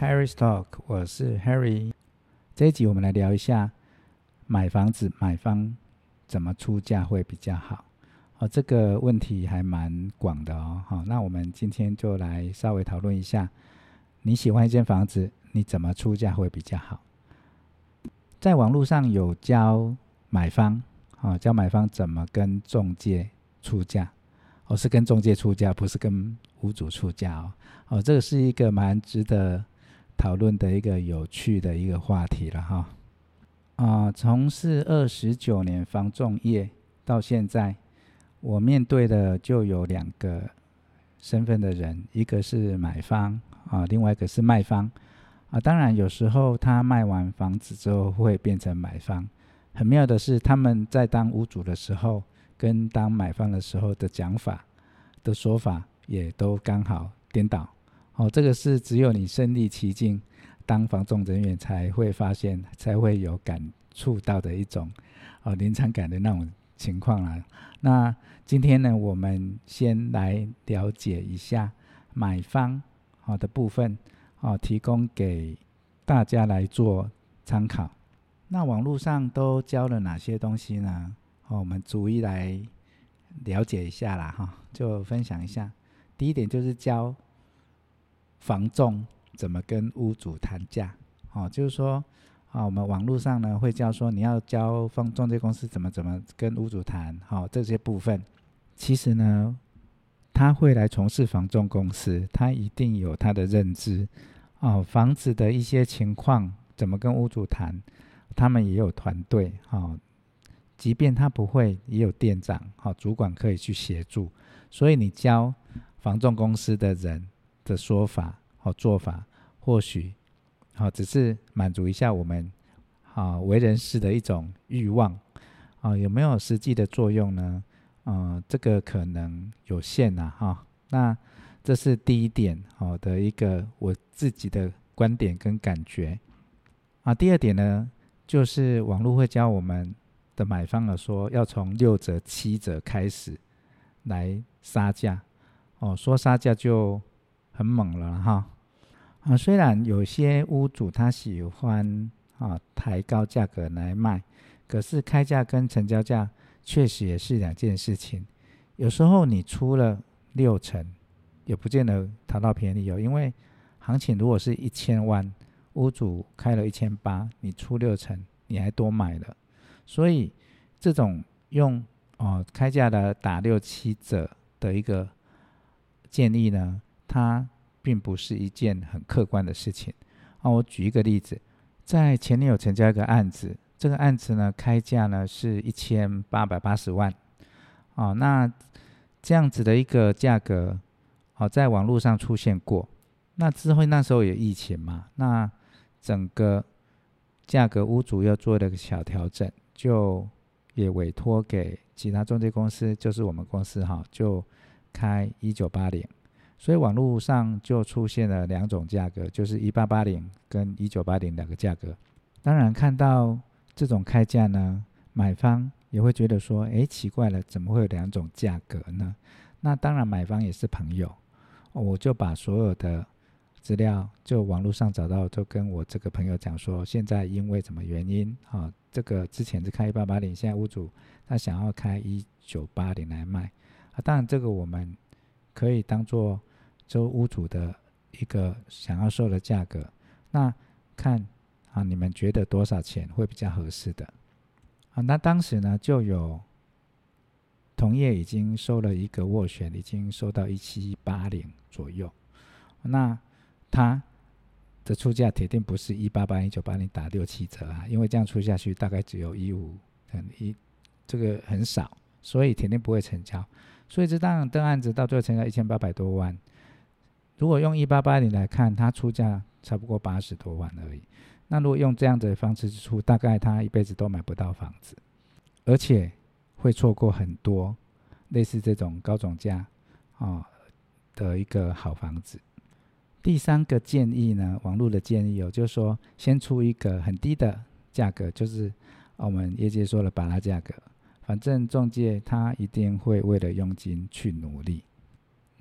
Harry talk，我是 Harry。這一集我們來聊一下買房子，買方怎麼出價會比較好。哦，這個問題還蠻廣的哦。好，那我們今天就來稍微討論一下，你喜歡一間房子，你怎麼出價會比較好？在網絡上有教買方，哦，教買方怎麼跟中介出價。我、哦、是跟仲介出價，不是跟屋主出價哦。哦，這個是一個蠻值得討論的一個有趣的一個話題了哈。啊、哦，從事二十九年房仲業到現在，我面對的就有兩個身份的人，一個是買方啊、哦，另外一個是賣方啊。當然，有時候他賣完房子之後會變成買方。很妙的是，他們在當屋主的時候跟當買方的時候的講法，的說法也都剛好顛倒哦，這個是只有你身歷其境當房仲人員才會發現，才會有感觸到的一種哦，臨場感的那種情況啦、啊。那今天呢，我們先來了解一下買方好、哦、的部分哦，提供給大家來做參考。那網絡上都教了哪些東西呢？哦，我們逐一來。了解一下啦，哈，就分享一下。第一點就是教房仲怎麼跟屋主談價，哦，就是說啊，哦，我們網絡上呢會教說你要教房仲介公司怎麼怎麼跟屋主談，哦，這些部分，其實呢，他會來從事房仲公司，他一定有他的認知，哦，房子的一些情況怎麼跟屋主談，他們也有團隊，哦。即便他不會，也有店長、好主管可以去協助。所以你教房仲公司的人的說法和做法，或許好只是滿足一下我們好為人師的一種欲望啊？有沒有實際的作用呢？嗯，這個可能有限啦。哈，那這是第一點好的一個我自己的觀點跟感覺啊。第二點呢，就是網絡會教我們。的買方了，說，要從六折七折開始來殺價，哦，說殺價就很猛了哈、嗯。啊，雖然有些屋主他喜歡啊抬高價格來賣，可是開價跟成交價確實也是兩件事情。有時候你出了六成，也不見得討到便宜油、哦，因為行情如果是一千萬，屋主開了一千八，你出六成，你還多買了。所以，這種用哦開價的打六七折的一個建議呢，它並不是一件很客觀的事情。啊，我舉一個例子，在前年有成交一個案子，這個案子呢開價呢是一千八百八十萬，哦，那這樣子的一個價格，哦，在網絡上出現過。那智慧之後，那時候有疫情嘛，那整個價格屋主要做了個小調整。就也委託給其他中介公司，就是我們公司哈，就開一九八零，所以網絡上就出現了兩種價格，就是一八八零跟一九八零兩個價格。當然看到這種開價呢，買方也會覺得說，欸，奇怪了，怎麼會有兩種價格呢？那當然，買方也是朋友，我就把所有的資料就網絡上找到，就跟我這個朋友講說，現在因為什麼原因啊？這個之前是開一八八零，現在屋主他想要開一九八零來賣，啊，當然這個我們可以當做周屋主的一個想要收的價格，那看啊，你們覺得多少錢會比較合適的？啊，那當時呢就有同業已經收了一個斡旋，已經收到一七八零左右，那他。的出價鐵定不是一八八一九八零打六七折啊，因為這樣出下去大概只有一五，嗯，一，這個很少，所以鐵定不會成交。所以這檔登案子到最後成交一千八百多萬，如果用一八八零來看，他出價差不多八十多萬而已。那如果用這樣的方式出，大概他一輩子都買不到房子，而且會錯過很多類似這種高總價啊的一個好房子。第三個建議呢，網路的建議有，哦，就是說先出一個很低的價格,就是我們業界說的“芭樂價格”，反正仲介他一定會為了佣金去努力。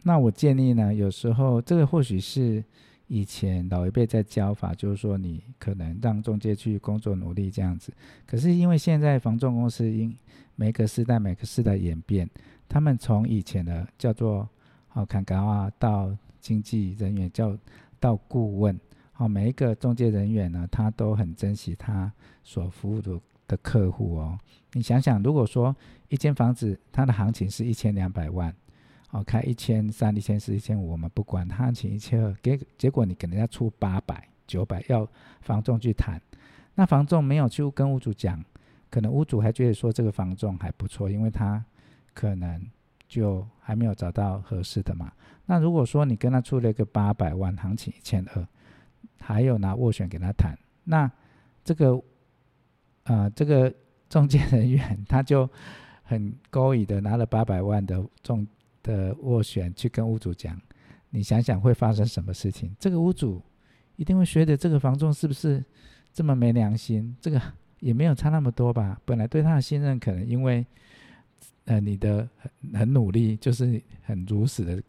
那我建議呢，有時候這個或許是以前老一輩在教法，就是說你可能讓仲介去工作努力這樣子。可是因為現在房仲公司因每個時代每個時代的演變，他們從以前的叫做好看砍啊到。經紀人員叫做顧問，哦，每一個仲介人員呢，他都很珍惜他所服務的的客戶哦。你想想，如果說一間房子它的行情是一千兩百萬，哦，開一千三、一千四、一千五，我們不管，它行情一千二，結結果你給人家出八百、九百，要房仲去談，那房仲沒有去跟屋主講，可能屋主還覺得說這個房仲還不錯，因為他可能。就還沒有找到合適的嘛？那如果說你跟他出了一個八百萬，行情一千二，還有拿斡旋給他談，那這個啊、呃，這個中介人員他就很高興的拿了八百萬的中，的斡旋去跟屋主講，你想想會發生什麼事情？這個屋主一定會覺得這個房仲是不是這麼沒良心？這個也沒有差那麼多吧？本來對他的信任，可能因為。呃，你的很很努力，就是很如實的，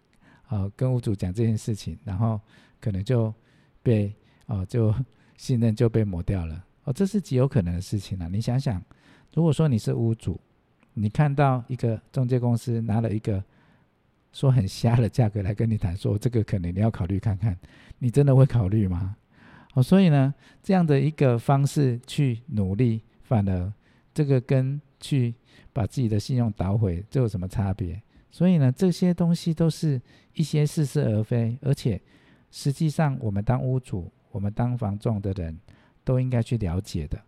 呃，跟屋主講這件事情，然後可能就被，哦，就信任就被抹掉了，哦，這是極有可能的事情了啊。你想想，如果說你是屋主，你看到一個仲介公司拿了一個說很瞎的價格來跟你談，說這個可能你要考慮看看，你真的會考慮嗎？哦，所以呢，這樣的一個方式去努力，反而。這個跟去把自己的信用搗毀，這有什麼差別？所以呢，這些東西都是一些似是而非，而且實際上我們當屋主，我們當房仲的人都應該去了解的。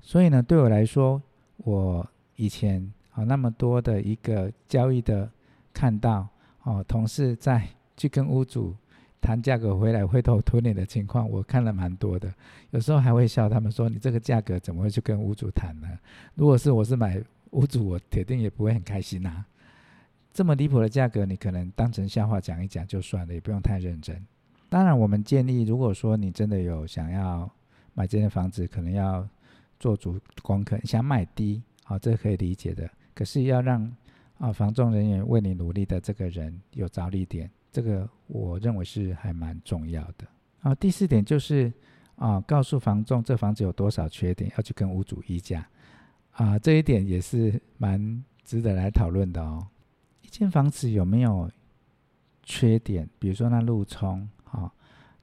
所以呢，對我來說，我以前啊那麼多的一個交易的看到哦，同事在去跟屋主。談價格回來灰頭土臉的情況，我看了蠻多的，有時候還會笑。他們說：“你這個價格怎麼會去跟屋主談呢？”如果是我是買屋主，我鐵定也不會很開心啊。這麼離譜的價格，你可能當成笑話講一講就算了，也不用太認真。當然，我們建議，如果說你真的有想要買這間房子，可能要做足功課。想買低，好、哦，這可以理解的。可是要讓啊、哦，房仲人員為你努力的這個人有着力點，這個我認為是還蠻重要的啊。第四點就是啊，告訴房仲這房子有多少缺點，要去跟屋主議價啊。這一點也是蠻值得來討論的哦。一間房子有沒有缺點？比如說那路沖啊、哦，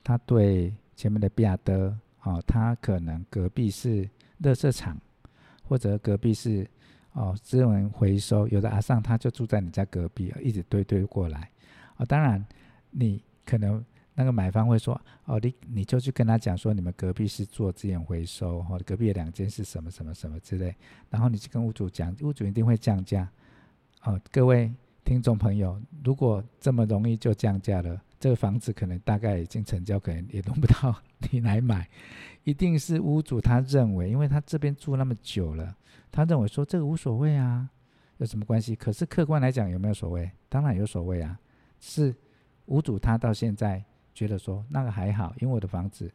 他對前面的比亞德啊、哦，他可能隔壁是垃圾場，或者隔壁是哦資源回收。有的阿桑他就住在你家隔壁，一直堆堆過來。啊、哦，當然，你可能那個買方會說，哦，你你就去跟他講說，你們隔壁是做資源回收，或、哦、隔壁兩間是什麼什麼什麼之類，然後你去跟屋主講，屋主一定會降價。哦，各位聽眾朋友，如果這麼容易就降價了，這個房子可能大概已經成交，可能也輪不到你來買，一定是屋主他認為，因為他這邊住那麼久了，他認為說這個無所謂啊，有什麼關係？可是客觀來講，有沒有所謂？當然有所謂啊。是，屋主他到現在覺得說那個還好，因為我的房子，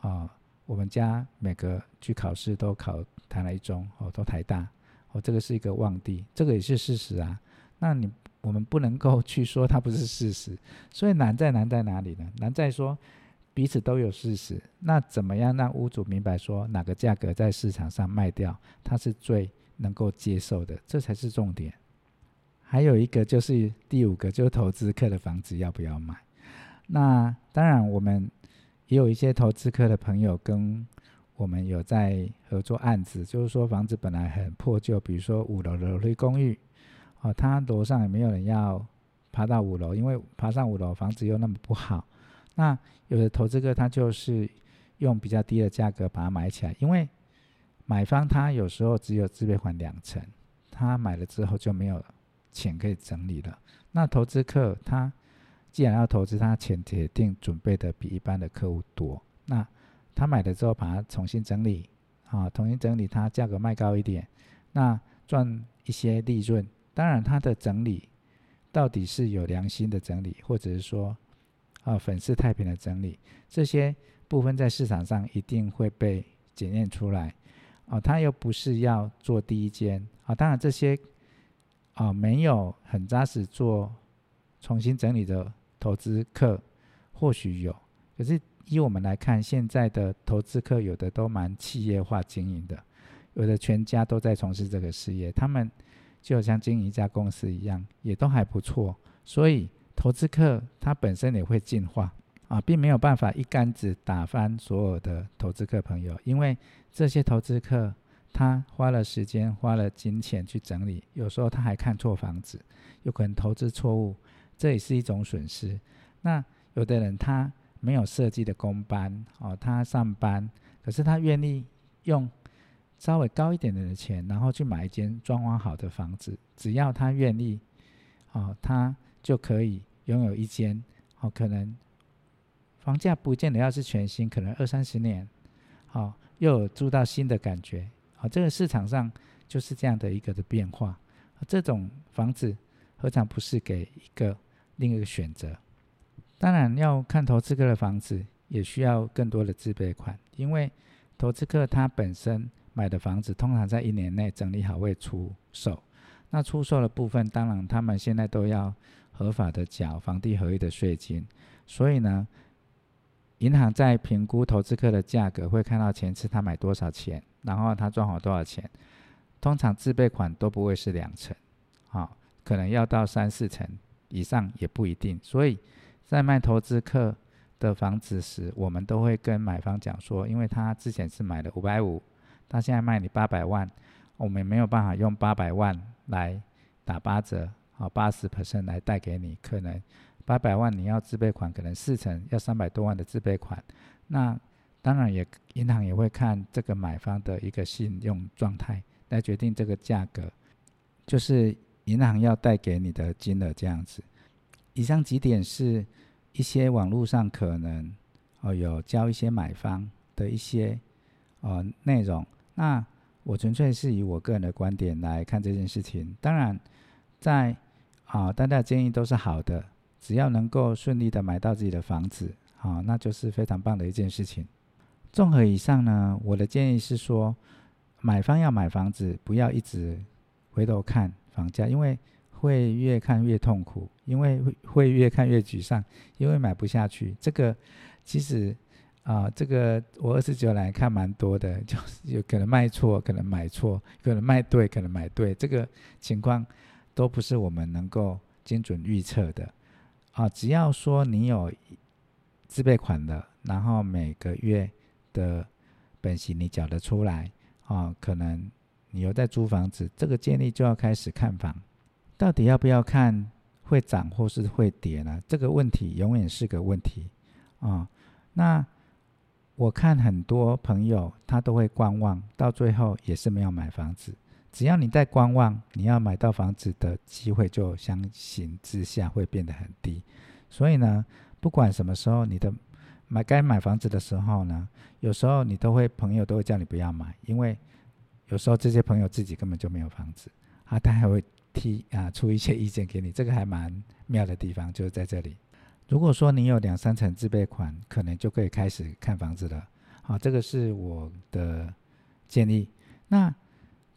啊，我們家每個去考試都考台了一中哦，都台大，哦，這個是一個旺地，這個也是事實啊。那你我們不能夠去說它不是事實，所以難在難在哪裡呢？難在說彼此都有事實，那怎麼樣讓屋主明白說哪個價格在市場上賣掉，他是最能夠接受的，這才是重點。還有一個就是第五個，就是投資客的房子要不要買？那當然，我們也有一些投資客的朋友跟我們有在合作案子，就是說房子本來很破舊，比如說五樓的樓梯公寓，哦、啊，他樓上也沒有人要爬到五樓，因為爬上五樓房子又那麼不好。那有的投資客他就是用比較低的價格把它買起來，因為買方他有時候只有自備款兩成，他買了之後就沒有了。錢可以整理了，那投資客他既然要投資，他錢一定準備的比一般的客戶多。那他買了之後，把它重新整理，啊，重新整理，它價格賣高一點，那賺一些利潤。當然，他的整理到底是有良心的整理，或者是說啊粉飾太平的整理，這些部分在市場上一定會被檢驗出來。哦、啊，他又不是要做第一間啊，當然這些。啊，沒有很紮實做重新整理的投資客，或許有，可是依我們來看，現在的投資客有的都蠻企業化經營的，有的全家都在從事這個事業，他們就像經營一家公司一樣，也都還不錯。所以投資客他本身也會進化，啊，並沒有辦法一竿子打翻所有的投資客朋友，因為這些投資客。他花了時間，花了金錢去整理，有時候他還看錯房子，有可能投資錯誤，這也是一種損失。那有的人他沒有設計的工班哦，他上班，可是他願意用稍微高一點點的錢，然後去買一間裝潢好的房子，只要他願意哦，他就可以擁有一間哦，可能房價不見得要是全新，可能二三十年，好、哦、又有住到新的感覺。這個市場上就是這樣的一個的變化，這種房子何嘗不是給一個另一個選擇？當然要看投資客的房子，也需要更多的自備款，因為投資客他本身買的房子通常在一年內整理好會出售，那出售的部分當然他們現在都要合法的繳房地合一的稅金，所以呢，銀行在評估投資客的價格會看到前次他買多少錢。然後他賺好多少錢？通常自備款都不會是兩成，啊、哦，可能要到三四成以上也不一定。所以在賣投資客的房子時，我們都會跟買方講說，因為他之前是買了五百五，他現在賣你八百萬，我們沒有辦法用八百萬來打八折，好，八十 percent 來貸給你，可能八百萬你要自備款，可能四成要三百多萬的自備款，那。當然，也銀行也會看這個買方的一個信用狀態來決定這個價格，就是銀行要貸給你的金額這樣子。以上幾點是一些網絡上可能哦有教一些買方的一些呃內容。那我純粹是以我個人的觀點來看這件事情。當然，在啊，大家的建議都是好的，只要能夠順利的買到自己的房子啊，那就是非常棒的一件事情。綜合以上呢，我的建議是說，買方要買房子，不要一直回頭看房價，因為會越看越痛苦，因為會越看越沮喪，因為買不下去。這個其實啊、呃，這個我二十九年來看蠻多的，就是有可能賣錯，可能買錯，可能賣對，可能買對，這個情況都不是我們能夠精準預測的。啊、呃，只要說你有自備款的，然後每個月。的本息你繳得出來啊、哦？可能你有在租房子，這個建立就要開始看房，到底要不要看會漲或是會跌呢？這個問題永遠是個問題啊、哦。那我看很多朋友他都會觀望，到最後也是沒有買房子。只要你在觀望，你要買到房子的機會就相形之下會變得很低。所以呢，不管什麼時候你的。買該買房子的時候呢，有時候你都會朋友都會叫你不要買，因為有時候這些朋友自己根本就沒有房子啊，他還會提啊出一些意見給你，這個還蠻妙的地方就是在這裡。如果說你有兩三成自備款，可能就可以開始看房子了。好，這個是我的建議。那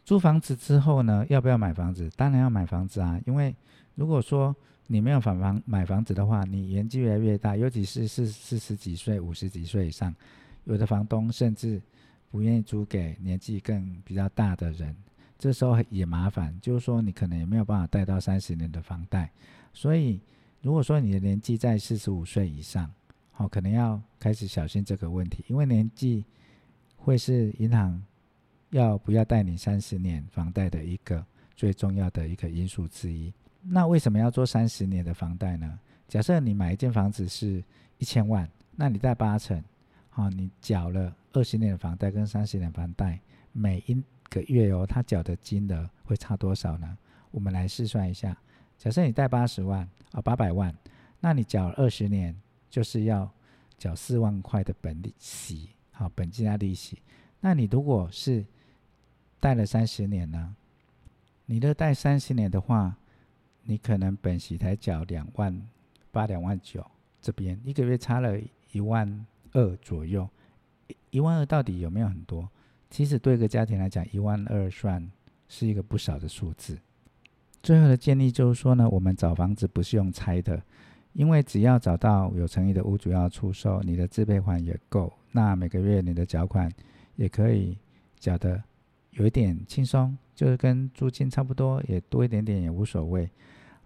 租房子之後呢，要不要買房子？當然要買房子啊，因為如果說你沒有買房買房子的話，你年紀越來越大，尤其是四四十幾歲、五十幾歲以上，有的房東甚至不願意租給年紀更比較大的人。這時候也麻煩，就是說你可能也沒有辦法貸到三十年的房貸。所以，如果說你的年紀在四十五歲以上，好，可能要開始小心這個問題，因為年紀會是銀行要不要貸你三十年房貸的一個最重要的一個因素之一。那為什麼要做三十年的房貸呢？假設你買一間房子是一千萬，那你貸八成，啊，你繳了二十年的房貸跟三十年的房貸，每一個月哦，他繳的金額會差多少呢？我們來試算一下。假設你貸八十萬啊，八百萬，那你繳二十年就是要繳四萬塊的本利息，好，本金加利息。那你如果是貸了三十年呢？你都貸三十年的話。你可能本息才繳兩萬八、兩萬九，這邊一個月差了一萬二左右，一一萬二到底有沒有很多？其實對一個家庭來講，一萬二算是一個不少的數字。最後的建議就是說呢，我們找房子不是用猜的，因為只要找到有誠意的屋主要出售，你的自備款也夠，那每個月你的繳款也可以繳得有一點輕鬆，就是跟租金差不多，也多一點點也無所謂。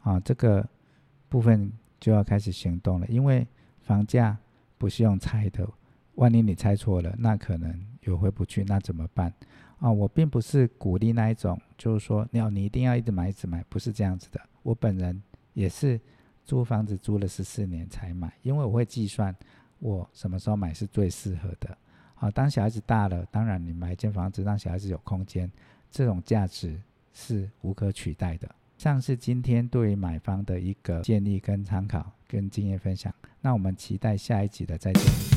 啊，這個部分就要開始行動了，因為房價不是用猜的，萬一你猜錯了，那可能又回不去，那怎麼辦？啊，我並不是鼓勵那一種，就是說，你要你一定要一直買一直買，不是這樣子的。我本人也是租房子租了十四年才買，因為我會計算我什麼時候買是最適合的。好，當小孩子大了，當然你買一間房子讓小孩子有空間，這種價值是無可取代的。像是今天對於買方的一個建議跟參考，跟經驗分享。那我們期待下一集的再見。